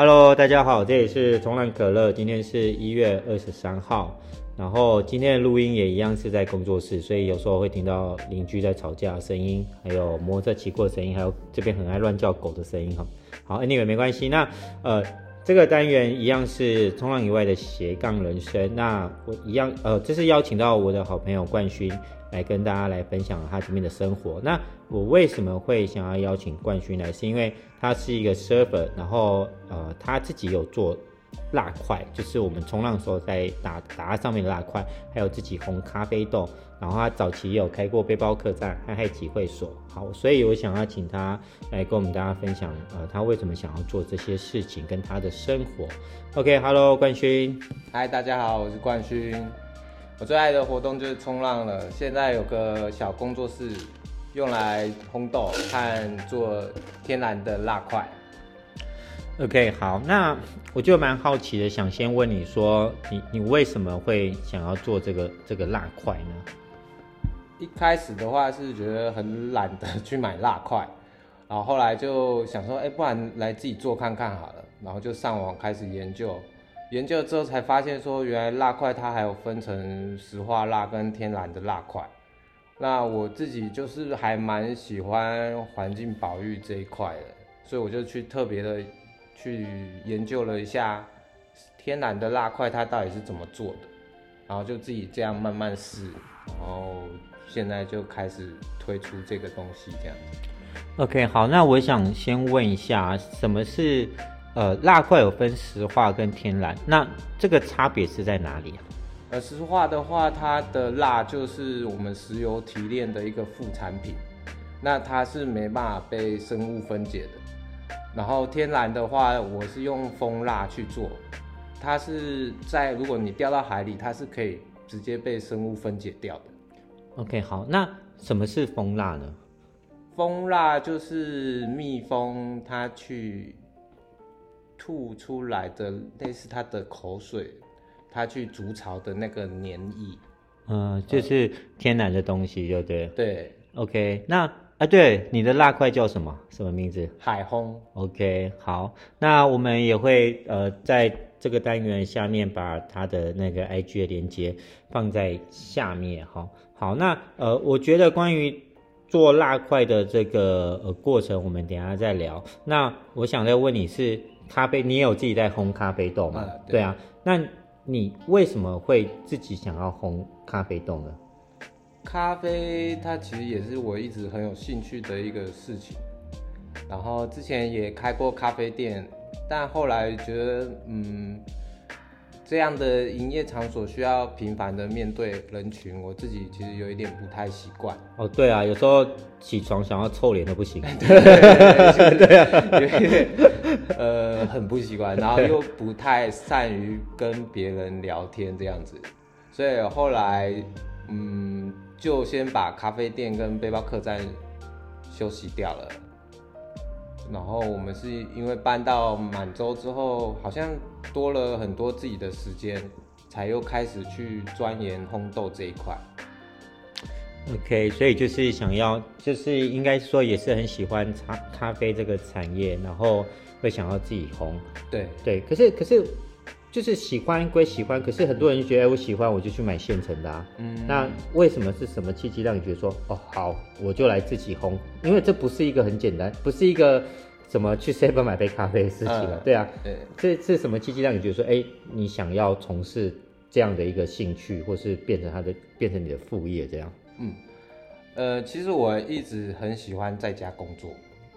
Hello，大家好，這裡是衝浪可樂，今天是一月二十三號，然後今天的錄音也一樣是在工作室，所以有時候會聽到鄰居在吵架的聲音，還有摩托車騎過的聲音，還有這邊很愛亂叫狗的聲音哈。好，哎，那個沒關係，那呃。這個單元一樣是衝浪以外的斜槓人生。那我一樣，呃，這是邀請到我的好朋友冠勳來跟大家來分享他這邊的生活。那我為什麼會想要邀請冠勳來，是因為他是一個 server，然後呃他自己有做。蠟塊，就是我們衝浪的時候在打打在上面的蠟塊，還有自己烘咖啡豆，然後他早期也有開過背包客棧和海嗨集會所。好，所以我想要請他來跟我們大家分享，呃，他為什麼想要做這些事情跟他的生活。OK，Hello，okay, 冠勳，嗨，大家好，我是冠勳。我最愛的活動就是衝浪了，現在有個小工作室用來烘豆和做天然的蠟塊。OK，好，那我就蠻好奇的，想先問你說你，你你為什麼會想要做這個這個蠟塊呢？一開始的話是覺得很懶得去買蠟塊，然後後來就想說，哎，不然來自己做看看好了。然後就上網開始研究，研究了之後才發現說，原來蠟塊它還有分成石化蠟跟天然的蠟塊。那我自己就是還蠻喜歡環境保育這一塊的，所以我就去特別的。去研究了一下天然的蠟塊，它到底是怎麼做的，然後就自己這樣慢慢試，然後現在就開始推出這個東西，這樣子。OK，好，那我想先問一下，什麼是呃蠟塊？有分石化跟天然，那這個差別是在哪裡啊？呃，石化的話，它的蠟就是我們石油提煉的一個副產品，那它是沒辦法被生物分解的。然後天然的話，我是用蜂蠟去做，它是在如果你掉到海裡，它是可以直接被生物分解掉的。OK，好，那什麼是蜂蠟呢？蜂蠟就是蜜蜂它去吐出來的類似它的口水，它去築巢的那個黏液。嗯、呃，就是天然的東西，就對。對。OK，那。啊，對，你的蠟塊叫什麼？什麼名字？海轟。OK，好，那我們也會呃，在這個單元下面把它的那個 IG 的連接放在下面哈、哦。好，那呃，我覺得關於做蠟塊的這個呃過程，我們等一下再聊。那我想再問你是，是咖啡，你也有自己在烘咖啡豆嗎對？對啊。那你為什麼會自己想要烘咖啡豆呢？咖啡，它其實也是我一直很有興趣的一個事情。然後之前也開過咖啡店，但後來覺得，嗯，這樣的營業場所需要頻繁的面對人群，我自己其實有一點不太習慣。哦，對啊，有時候起床想要臭臉都不行。 對對對、就是、有一 對對、啊。呃，很不習慣，然後又不太善於跟別人聊天這樣子，所以後來，嗯。就先把咖啡店跟背包客棧休息掉了，然後我們是因為搬到滿洲之後，好像多了很多自己的時間，才又開始去鑽研烘豆這一塊。OK，所以就是想要，就是應該說也是很喜歡茶咖啡這個產業，然後會想要自己烘。對對，可是可是。就是喜歡歸喜歡，可是很多人就覺得，欸，我喜歡，我就去買現成的啊。嗯，那為什麼是什麼契機讓你覺得說，哦，好，我就來自己烘？因為這不是一個很簡單，不是一個怎麼去 save 買杯咖啡的事情了呃。對啊對，這是什麼契機讓你覺得說，哎，欸，你想要從事這樣的一個興趣，或是變成他的，變成你的副業這樣？嗯，呃，其實我一直很喜歡在家工作，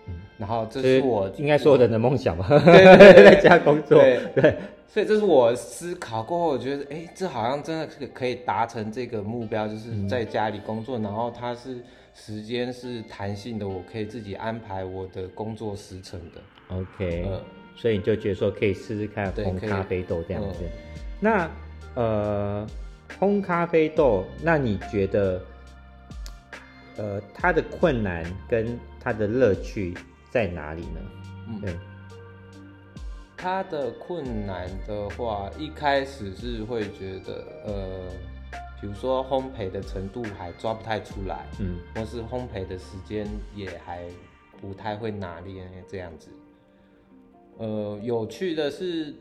嗯，然後這是我應該說我的人的夢想吧？ 對對對對 在家工作，對。對對所以這是我思考過後，我覺得，哎，這好像真的是可以達成這個目標，就是在家裡工作，嗯，然後它是時間是彈性的，我可以自己安排我的工作時程的。OK、呃。所以你就覺得說可以試試看烘咖啡豆這樣子，嗯。那呃，烘咖啡豆，那你覺得呃它的困難跟它的樂趣在哪裡呢？嗯。對他的困難的話，一開始是會覺得，呃，比如說烘焙的程度還抓不太出來，嗯，或是烘焙的時間也還不太會拿捏這樣子。呃，有趣的是，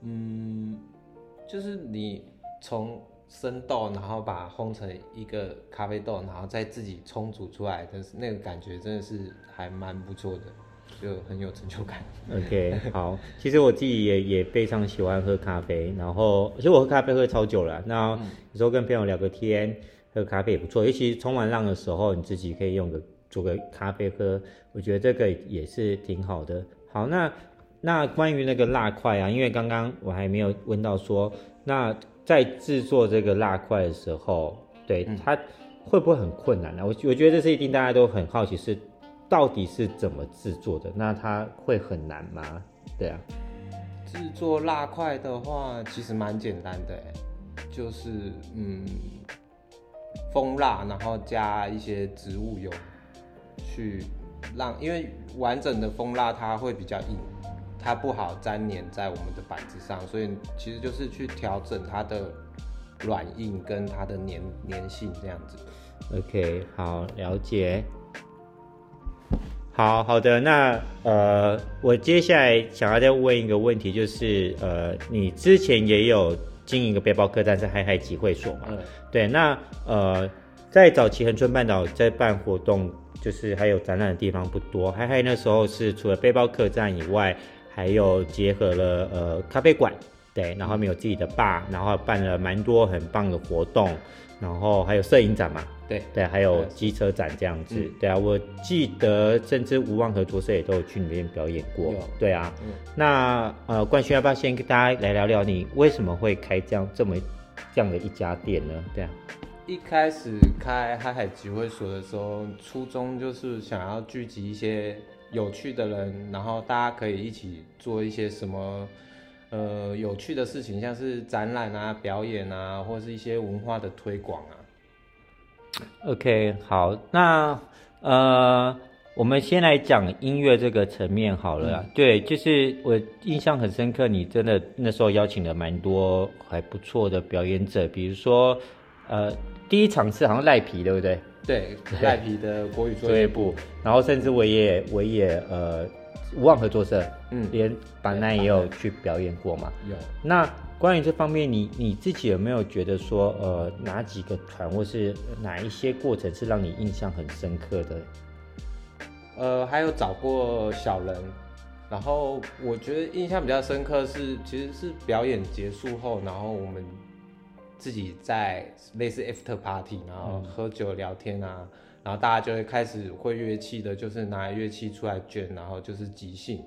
嗯，就是你從生豆，然後把它烘成一個咖啡豆，然後再自己沖煮出來，但是那個感覺真的是還蠻不錯的。就很有成就感。OK，好，其實我自己也也非常喜歡喝咖啡， 然後其實我喝咖啡喝超久了啊。那有時候跟朋友聊個天，嗯、喝咖啡也不錯，尤其衝完浪的時候，你自己可以用個煮個咖啡喝，我覺得這個也是挺好的。好，那那關於那個蠟塊啊，因為剛剛我還沒有問到說，那在制作這個蠟塊的時候，對、嗯、它會不會很困難呢，啊？我我覺得這是一定大家都很好奇是。到底是怎麼制作的？那它會很難嗎？對啊，制作蠟塊的話其實蠻簡單的耶，就是嗯，蜂蠟然後加一些植物油，去讓，因為完整的蜂蠟它會比較硬，它不好粘黏在我們的板子上，所以其實就是去調整它的軟硬跟它的粘粘性這樣子。OK，好，了解。好好的，那呃，我接下來想要再問一個問題，就是呃，你之前也有經營一個背包客棧，是海嗨集會所嘛、嗯？對。那呃，在早期恆春半島在辦活動，就是還有展覽的地方不多。海嗨那時候是除了背包客棧以外，還有結合了呃咖啡館，對，然後沒有自己的 bar，然後辦了蠻多很棒的活動，然後還有攝影展嘛。對對，還有機車展這樣子，嗯，對啊，我記得甚至吳王和作社也都有去裡面表演過，對啊，嗯，那呃，冠勳要不要先跟大家來聊聊，你為什麼會開這樣這麼這樣的一家店呢？對啊，一開始開海嗨集會所的時候，初衷就是想要聚集一些有趣的人，然後大家可以一起做一些什麼呃有趣的事情，像是展覽啊、表演啊，或是一些文化的推廣啊。OK，好，那呃，我們先來講音樂這個層面好了啊，嗯。對，就是我印象很深刻，你真的那時候邀請了蠻多還不錯的表演者，比如說，呃，第一場是好像賴皮，對不對？對，對賴皮的國語作業簿，然後甚至我也，我也呃。無望合作社，嗯，連板奈也有去表演過嘛。有、嗯，那關於這方面，你你自己有沒有覺得說，呃，哪幾個團或是哪一些過程是讓你印象很深刻的？呃，還有找過小人，然後我覺得印象比較深刻是，其實是表演結束後，然後我們自己在類似 after party，然後喝酒聊天啊。嗯然後大家就會開始會樂器的，就是拿樂器出來卷，然後就是即興。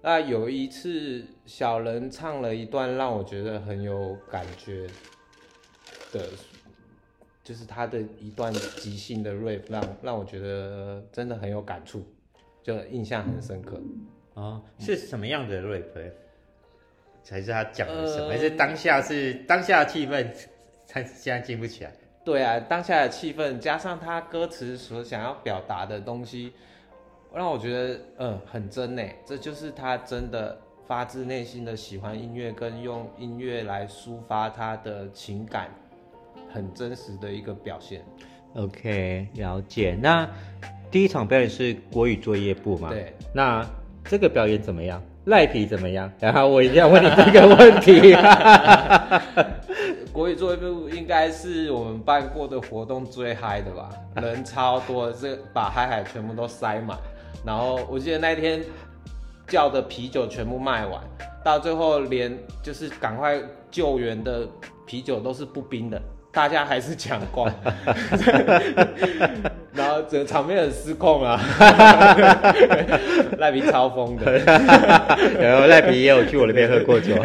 那有一次，小人唱了一段讓我覺得很有感覺的，就是他的一段即興的 rap，讓讓我覺得真的很有感觸，就印象很深刻。啊，是什麼樣的 rap？還是他講的什麼？呃，還是當下是當下的氣氛，才現在記不起來？對啊，當下的氣氛加上他歌詞所想要表達的東西，讓我覺得嗯很真呢，欸。這就是他真的發自內心的喜歡音樂，跟用音樂來抒發他的情感，很真實的一個表現。OK，了解。那第一場表演是國語作業部嗎？對。那這個表演怎麼樣？賴皮怎麼樣？然後我一定要問你這個問題。 我也做一部，應該是我們辦過的活動最嗨的吧，人超多，這把海嗨全部都塞滿。然後我記得那一天叫的啤酒全部賣完，到最後連就是趕快救援的啤酒都是不冰的。大家還是搶光，然後這場面很失控啊！ 賴對皮 超瘋瘋的 有，然後賴皮也有去我那邊喝過酒，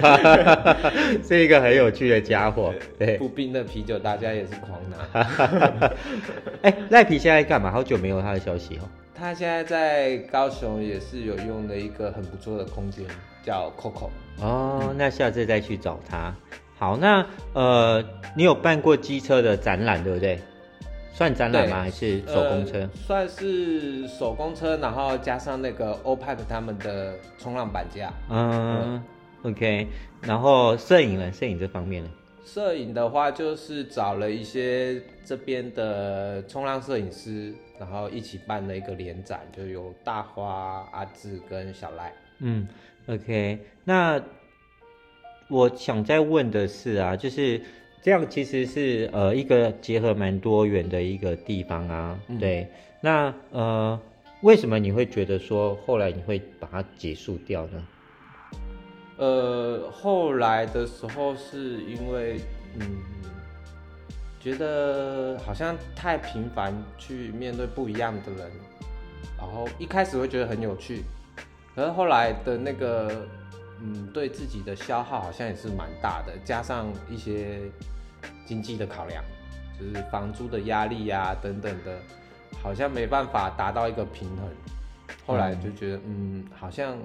是一個很有趣的傢伙。對，不冰的啤酒大家也是狂拿。賴、 欸、皮現在幹嘛？好久沒有他的消息哦、喔。他現在在高雄，也是有用的一個很不錯的空間，叫 Coco 哦。哦、嗯，那下次再去找他。好，那呃，你有辦過機車的展覽，對不對？算展覽嗎？呃、還是手工車？算是手工車，然後加上那個歐派的他們的衝浪板架。嗯，嗯，OK。然後攝影呢？攝影這方面呢？攝影的話，就是找了一些這邊的衝浪攝影師，然後一起辦了一個聯展，就有大花、阿志跟小賴。嗯，OK。那。我想再問的是啊，就是這樣，其實是呃一個結合蠻多元的一個地方啊。對，嗯、那呃為什麼你會覺得說後來你會把它結束掉呢？呃，後來的時候是因為嗯覺得好像太頻繁去面對不一樣的人，然後一開始會覺得很有趣，可是後來的那個。嗯，對自己的消耗好像也是蠻大的，加上一些經濟的考量，就是房租的壓力呀、啊、等等的，好像沒辦法達到一個平衡。後來就覺得，嗯，嗯，好像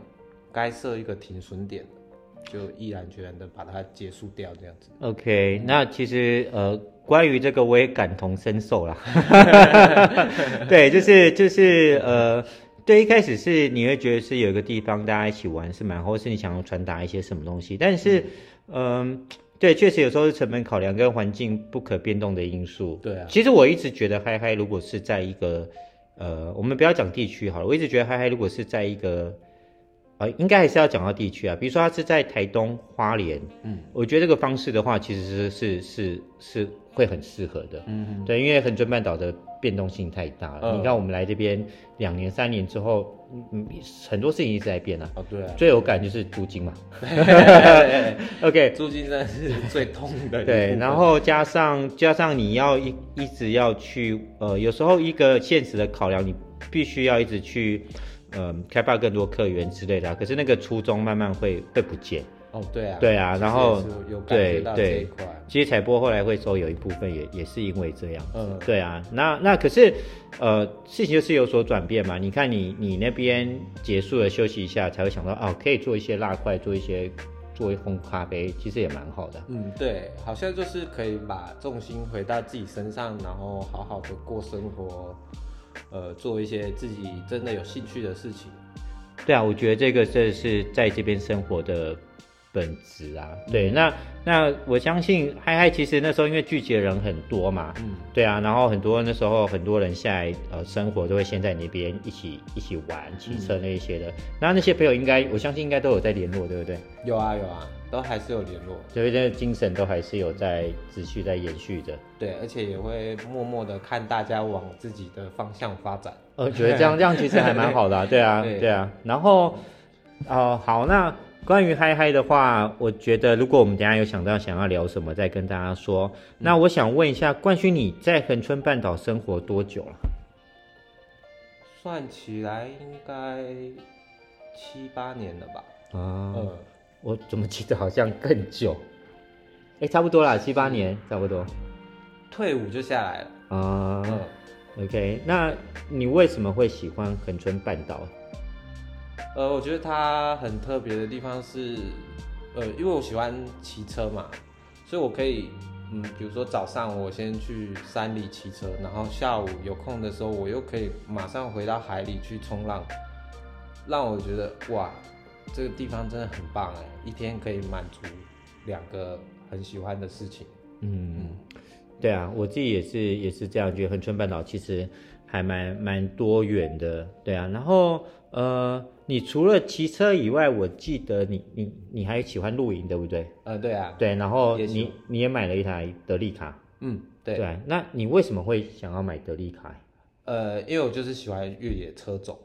該設一個停損點，就毅然決然的把它結束掉這樣子。OK，那其實呃，關於這個我也感同身受啦。 對，就是就是呃。嗯對，一開始是你會覺得是有一個地方大家一起玩是蠻好，或是你想要傳達一些什麼東西。但是，嗯、呃，對，確實有時候是成本考量跟環境不可變動的因素。對啊。其實我一直覺得嗨嗨，如果是在一個，呃，我們不要講地區好了。我一直覺得嗨嗨，如果是在一個，呃，應該還是要講到地區啊。比如說他是在台東花蓮，嗯，我覺得這個方式的話，其實是是是是會很適合的。嗯嗯。對，因為恆春半島的。變動性太大了，你看我們來這邊呃、兩年、三年之後，嗯嗯，很多事情一直在變啊。哦、對、啊，最有感就是租金嘛。對，對,對 ，OK，租金真的是最痛的。對，然後加上加上你要一一直要去，呃，有時候一個現實的考量，你必須要一直去，嗯、呃，開發更多客源之類的、啊。可是那個初衷慢慢會會不見。哦、oh,，對啊，對啊，然後，對對，這一塊，其實彩波後來會說有一部分也、嗯、也是因為這樣，嗯，對啊，那那可是，呃，事情就是有所轉變嘛？你看你你那邊結束了休息一下，才會想到哦、啊，可以做一些蠟塊，做一些做一烘咖啡，其實也蠻好的，嗯，對，好像就是可以把重心回到自己身上，然後好好的過生活，呃，做一些自己真的有興趣的事情，對啊，我覺得這個這是在這邊生活的本質啊，對，嗯、那那我相信嗨嗨，其實那時候因為聚集的人很多嘛，嗯，對啊，然後很多那時候很多人下來呃，生活都會先在那邊一起一起玩騎車那一些的、嗯，那那些朋友應該我相信應該都有在聯絡，對不對？有啊有啊，都還是有聯絡，所以這個精神都還是有在持續在延續着、嗯，對，而且也會默默的看大家往自己的方向發展，我、哦、覺得這樣 這樣其實還蠻好的、啊，對啊對，對啊，然後哦、呃，好那。關於嗨嗨的話，我覺得如果我們等下有想到想要聊什麼，再跟大家說。嗯、那我想問一下，冠勳你在恆春半島生活多久了啊？算起來應該七八年了吧？啊、哦嗯，我怎麼記得好像更久？誒差不多啦，七八年，差不多。退伍就下來了。啊、哦嗯，OK，那你為什麼會喜歡恆春半島？呃，我覺得它很特別的地方是，呃，因為我喜歡騎車嘛，所以我可以，嗯，比如說早上我先去山裡騎車，然後下午有空的時候，我又可以馬上回到海裡去衝浪，讓我覺得哇，這個地方真的很棒哎、欸，一天可以滿足兩個很喜歡的事情。嗯，嗯對啊，我自己也是也是這樣，覺得恆春半島其實還蠻蠻多元的。對啊，然後呃。你除了騎車以外，我記得你你你還喜歡露營，對不對？呃，對啊，對，然後你也你也買了一台德利卡，嗯，對。對，那你為什麼會想要買德利卡？呃，因為我就是喜歡越野車種。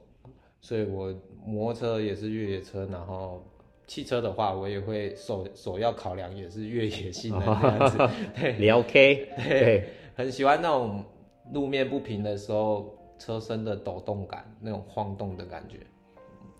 所以我摩托車也是越野車，然後汽車的話，我也會首首要考量也是越野性能。 對，OK 對，對，很喜歡那種路面不平的時候車身的抖動感，那種晃動的感覺。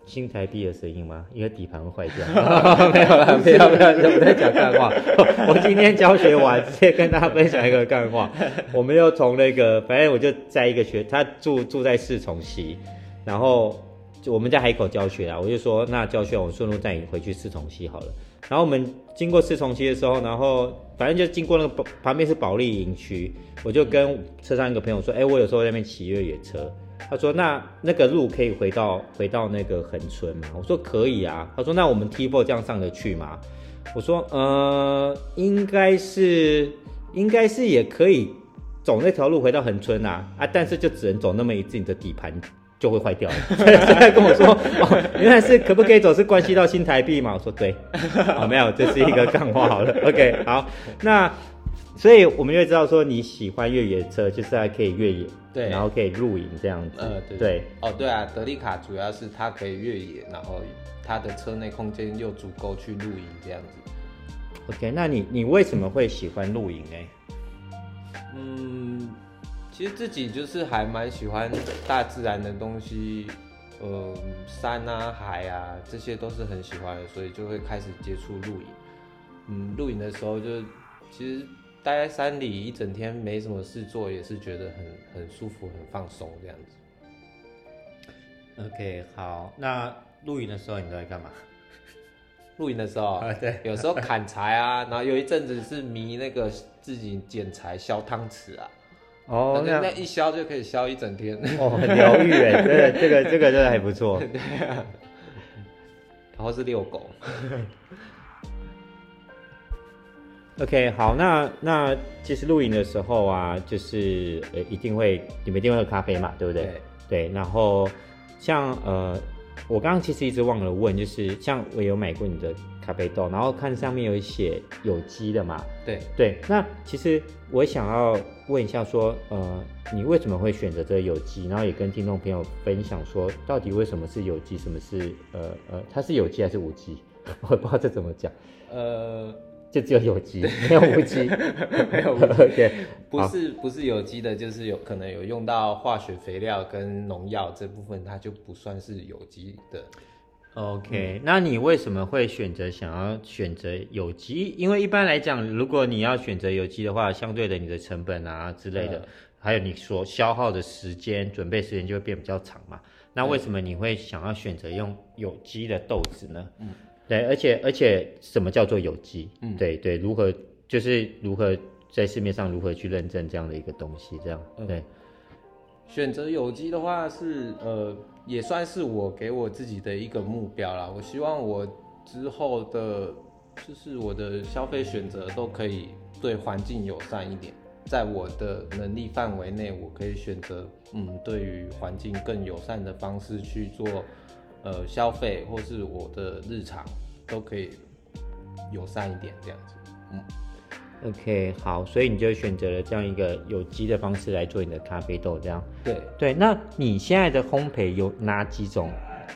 新台幣的聲音嗎？因為底盤會壞掉。 沒有啦，沒有沒有，我們在講幹話 我。我今天教學完，直接跟大家分享一個幹話。 我們又從那個，反正我就在一個學，他住住在四重溪，然後我們在海口教學啊，我就說那教學我順路帶你回去四重溪好了。然後我們經過四重溪的時候，然後反正就經過那個旁邊是保利營區，我就跟車上一個朋友說，哎，我有時候在那邊騎越野車。他說：“那那個路可以回到回到那個恆春嗎？”我說：“可以啊。”他說：“那我們 T4 b o 這樣上得去嗎？”我說：“呃，應該是，應該是也可以走那條路回到恆春啊啊！但是就只能走那麼一次，你的底盤就會壞掉。”了。他跟我說、 哦，原來是可不可以走是關係到新台幣嘛？我說：“對，好、哦、沒有，這是一個幹話好了。 ”OK，好，那所以我們就知道說你喜歡越野車，就是還可以越野。對，然後可以露營這樣子、呃對。對，哦，對啊，德利卡主要是它可以越野，然後它的車內空間又足夠去露營這樣子。OK，那你你為什麼會喜歡露營呢？、欸？嗯，其實自己就是還蠻喜歡大自然的東西，呃、嗯，山啊、海啊，這些都是很喜歡的，所以就會開始接觸露營。嗯，露營的時候就其實。待在山裡一整天沒什麼事做，也是覺得很很舒服、很放鬆這樣子。OK，好，那露營的時候你都在幹嘛？露營的時候、oh, 對，有時候砍柴啊，然後有一陣子是迷那個自己剪柴削湯匙啊。哦、oh,，那一削就可以削一整天。哦、oh, 很療癒哎，這個這個這個真的還不錯、 對啊。然後是遛狗。 OK，好，那那其實錄影的時候啊，就是呃、欸，一定會你們一定會喝咖啡嘛，對不對？Okay. 對，然後像呃，我剛剛其實一直忘了問，就是像我有買過你的咖啡豆，然後看上面有寫有機的嘛，mm -hmm. 對對。那其實我想要問一下說，說呃，你為什麼會選擇這個有機？然後也跟聽眾朋友分享說，到底為什麼是有機？什麼是呃呃，它是有機還是無機？ 我不知道這怎麼講，呃。就只有有機，沒有無機， 沒有無機、 Okay. 不是不是有機的，就是有可能有用到化學肥料跟農藥這部分，它就不算是有機的。OK，、嗯、那你為什麼會選擇想要選擇有機？因為一般來講，如果你要選擇有機的話，相對的你的成本啊之類的、嗯，還有你所消耗的時間，準備時間就會變比較長嘛。那為什麼你會想要選擇用有機的豆子呢？嗯。對，而且而且，什麼叫做有機？嗯，對對，如何就是如何在市面上如何去認證這樣的一個東西？這樣，對，嗯、選擇有機的話是呃，也算是我給我自己的一個目標啦。我希望我之後的，就是我的消費選擇都可以對環境友善一點，在我的能力範圍內，我可以選擇嗯，對於環境更友善的方式去做。呃，消費或是我的日常，都可以友善一點這樣子。嗯，OK，好，所以你就選擇了這樣一個有機的方式來做你的咖啡豆，這樣。對對，那你現在的烘焙有哪幾種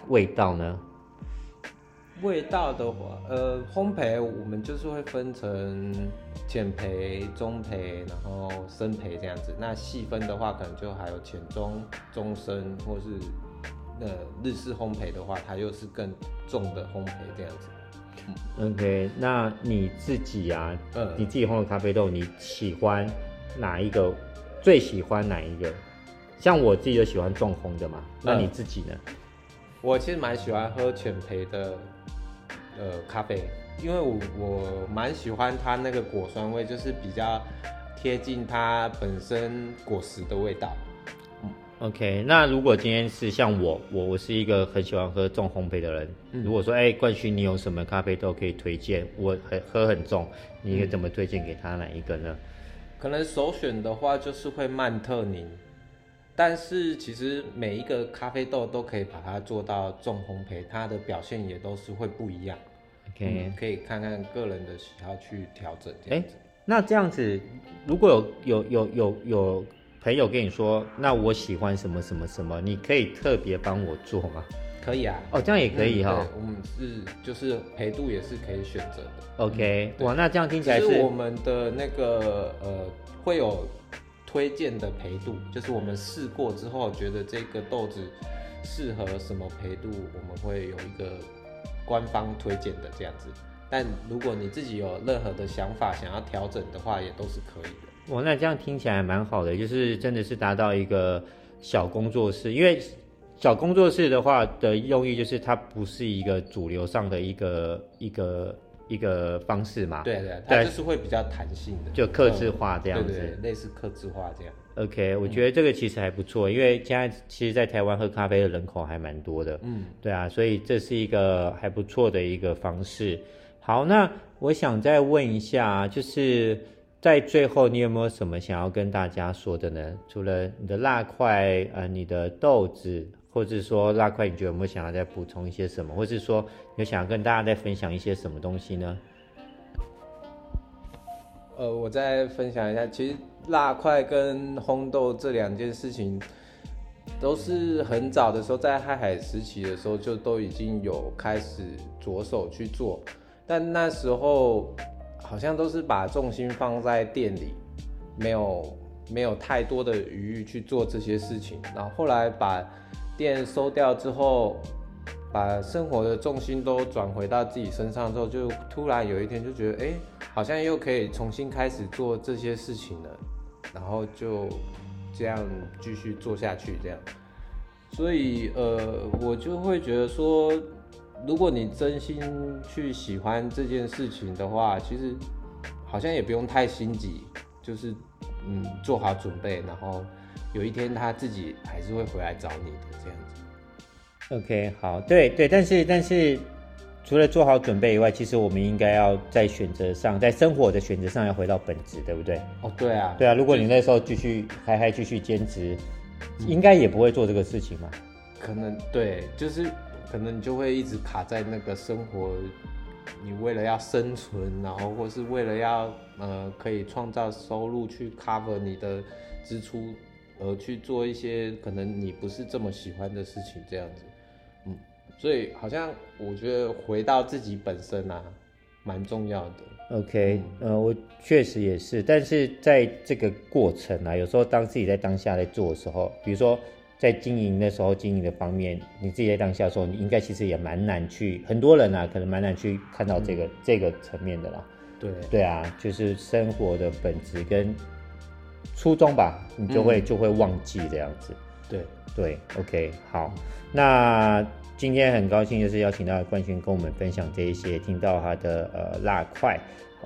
味道呢？味道的話，呃，烘焙我們就是會分成淺焙、中焙，然後深焙這樣子。那細分的話，可能就還有淺中、中深，或是。日式烘焙的話，它又是更重的烘焙這樣子。OK，那你自己啊、嗯，你自己烘的咖啡豆，你喜歡哪一個？最喜歡哪一個？像我自己就喜歡重烘的嘛。那你自己呢？嗯、我其實蠻喜歡喝全焙的呃、咖啡，因為我我蠻喜歡它那個果酸味，就是比較貼近它本身果實的味道。OK，那如果今天是像我，我我是一個很喜歡喝重烘焙的人。嗯、如果說，哎、欸，冠勳，你有什麼咖啡豆可以推薦？我很喝很重，你應該怎麼推薦給他哪一個呢、嗯？可能首選的話就是會曼特寧，但是其實每一個咖啡豆都可以把它做到重烘焙，它的表現也都是會不一樣。OK，、嗯、可以看看個人的喜好去調整。哎、欸，那這樣子，如果有有有有有。有有有朋友跟你說，那我喜歡什麼什麼什麼，你可以特別幫我做嗎？可以啊，哦，這樣也可以哈。哦，嗯。我們是就是焙度也是可以選擇的。OK，哇，那這樣聽起來是，是我們的那個呃會有推薦的焙度，就是我們試過之後覺得這個豆子適合什麼焙度，我們會有一個官方推薦的這樣子。但如果你自己有任何的想法想要調整的話，也都是可以的。哦，那這樣聽起來還蠻好的，就是真的是達到一個小工作室，因為小工作室的話的用意就是它不是一個主流上的一個、嗯、一個一個方式嘛。對、啊、對、啊，它就是會比較彈性的，就客製化這樣子，嗯、對對對類似客製化這樣。OK，我覺得這個其實還不錯、嗯，因為現在其實在台灣喝咖啡的人口還蠻多的，嗯，對啊，所以這是一個還不錯的一個方式。好，那我想再問一下，就是。嗯在最後，你有沒有什麼想要跟大家說的呢？除了你的蠟塊，呃，你的豆子，或者說蠟塊，你覺得有沒有想要再補充一些什麼，或者是說，你有想要跟大家再分享一些什麼東西呢？呃，我再分享一下，其實蠟塊跟烘豆這兩件事情，都是很早的時候，在海嗨時期的時候，就都已經有開始着手去做，但那時候。好像都是把重心放在店裡，沒有沒有太多的餘裕去做這些事情。然後後來把店收掉之後，把生活的重心都轉回到自己身上之後，就突然有一天就覺得，哎、欸，好像又可以重新開始做這些事情了。然後就這樣繼續做下去，這樣。所以呃，我就會覺得說。如果你真心去喜歡這件事情的話，其實好像也不用太心急，就是嗯做好準備，然後有一天他自己還是會回來找你的，這樣子。OK，好，對對，但是但是除了做好準備以外，其實我們應該要在選擇上，在生活的選擇上要回到本質，對不對？哦，對啊，對啊，如果你那時候繼續、就是、還還繼續兼職，應該也不會做這個事情嘛。嗯、可能對，就是。可能你就會一直卡在那個生活，你為了要生存，然後或是為了要呃可以創造收入去 cover 你的支出，而去做一些可能你不是這麼喜歡的事情，這樣子，嗯，所以好像我覺得回到自己本身啊，蠻重要的。OK，嗯，呃，我確實也是，但是在這個過程啊，有時候當自己在當下在做的時候，比如說。在經營的時候，經營的方面，你自己在當下的時候，你應該其實也蠻難去。很多人啊，可能蠻難去看到這個、嗯、這個層面的啦。對對啊，就是生活的本質跟初衷吧，你就會、嗯、就會忘記這樣子。對對，OK，好。那今天很高興，就是邀請到冠勳跟我們分享這一些，聽到他的呃蠟塊、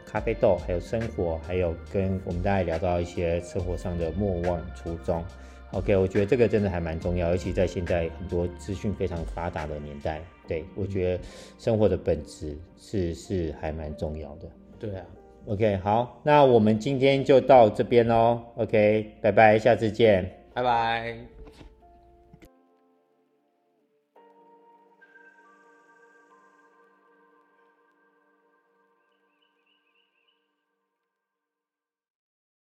咖啡豆，還有生活，還有跟我們大家聊到一些生活上的莫忘初衷。OK 我覺得這個真的還蠻重要，尤其在現在很多資訊非常發達的年代，對，我覺得生活的本質是是還蠻重要的。對啊，OK 好，那我們今天就到這邊嘍。OK 拜拜，下次見，拜拜。